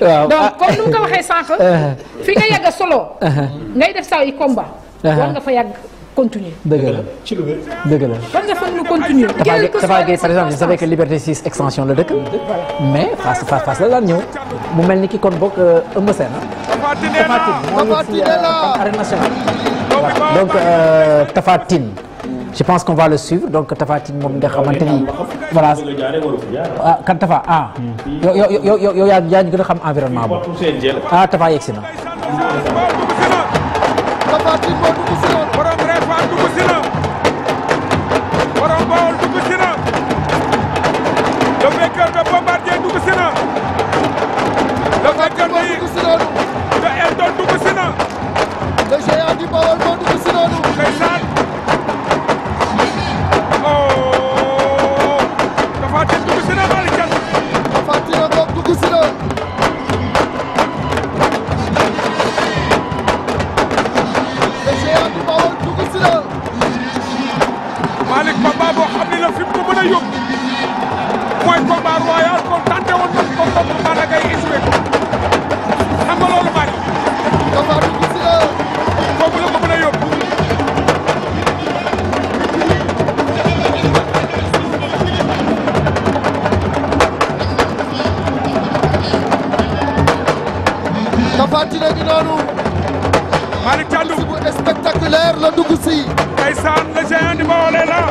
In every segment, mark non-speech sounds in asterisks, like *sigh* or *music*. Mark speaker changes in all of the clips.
Speaker 1: waaw donc comme ni mu ko waxee sànq. *laughs* fi nga yàgg solo. ngay def say combat. war nga fa yàgg continuer. dëgg la ci lu dëgg la. war nga fa ñu continuer. jël ko par exemple je savais que Liberté 6 extension la dëkk. mais face face face la daan ñëw. mu mel ni ki kon boog euh, Eumeu Sène ah.
Speaker 2: Tapha Tine moo ngi ci arène nationale.
Speaker 1: donc euh, Tapha Tine. je pense qu'on va le suivre donc Tapha Tine moom xamante ni voilà ah kan Tapha ah. yow yow yow yow yaa yaa ñu gën a xam environnement boobu ah Tapha si na.
Speaker 2: borom Bawol dugg si na. le vainqueur de si na. Tapha Tine ngi noonu. Malick Thiandoum si bu spectaculaire la dugg si. ndeysaan le géant du Baol est là.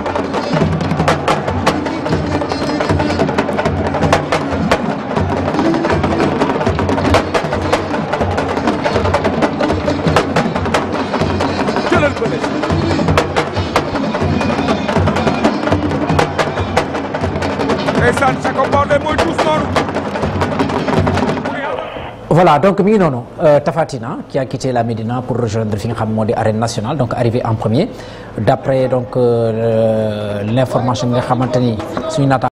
Speaker 2: Ndeysaan Jacob Baldé mooy tuus noonu.
Speaker 1: voilà donc mi ngi noonu euh, Tafatina ah, qui a quitté la Médina pour rejoindre fi nga xam moo di arène nationale donc arrivé en premier d'après donc euh, l'information bi nga xamante
Speaker 2: ni suñu naata